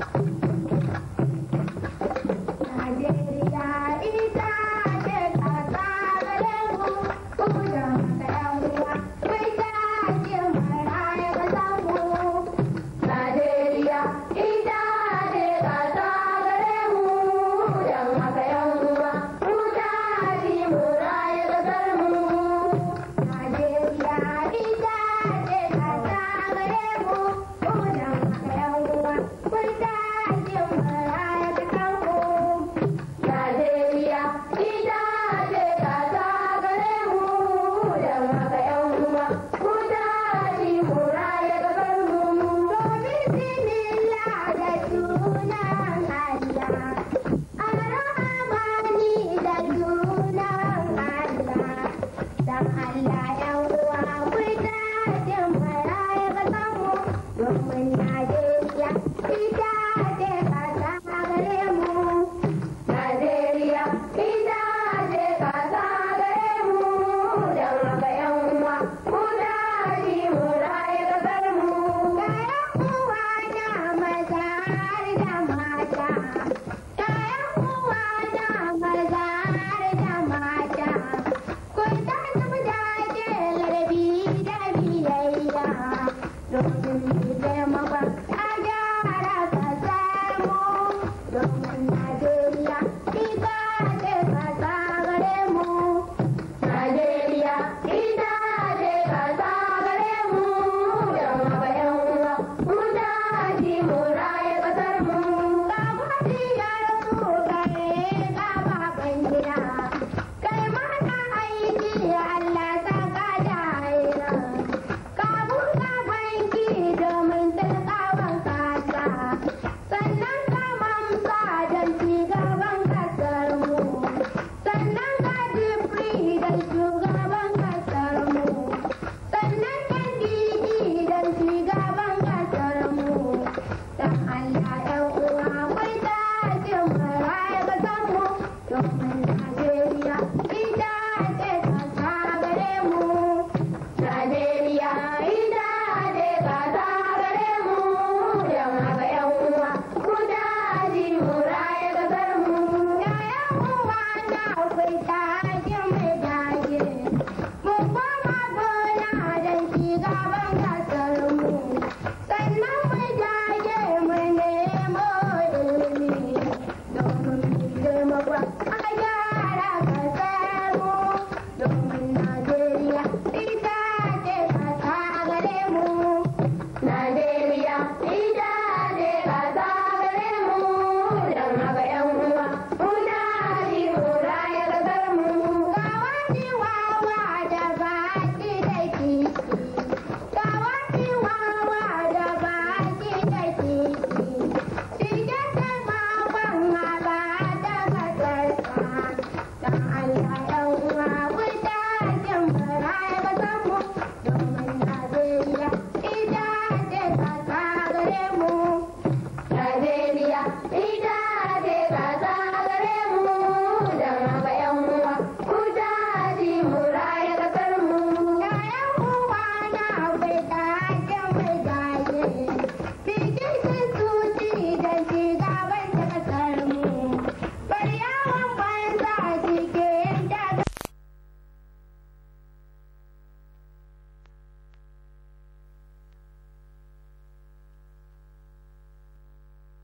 Thank you. Happy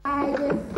I just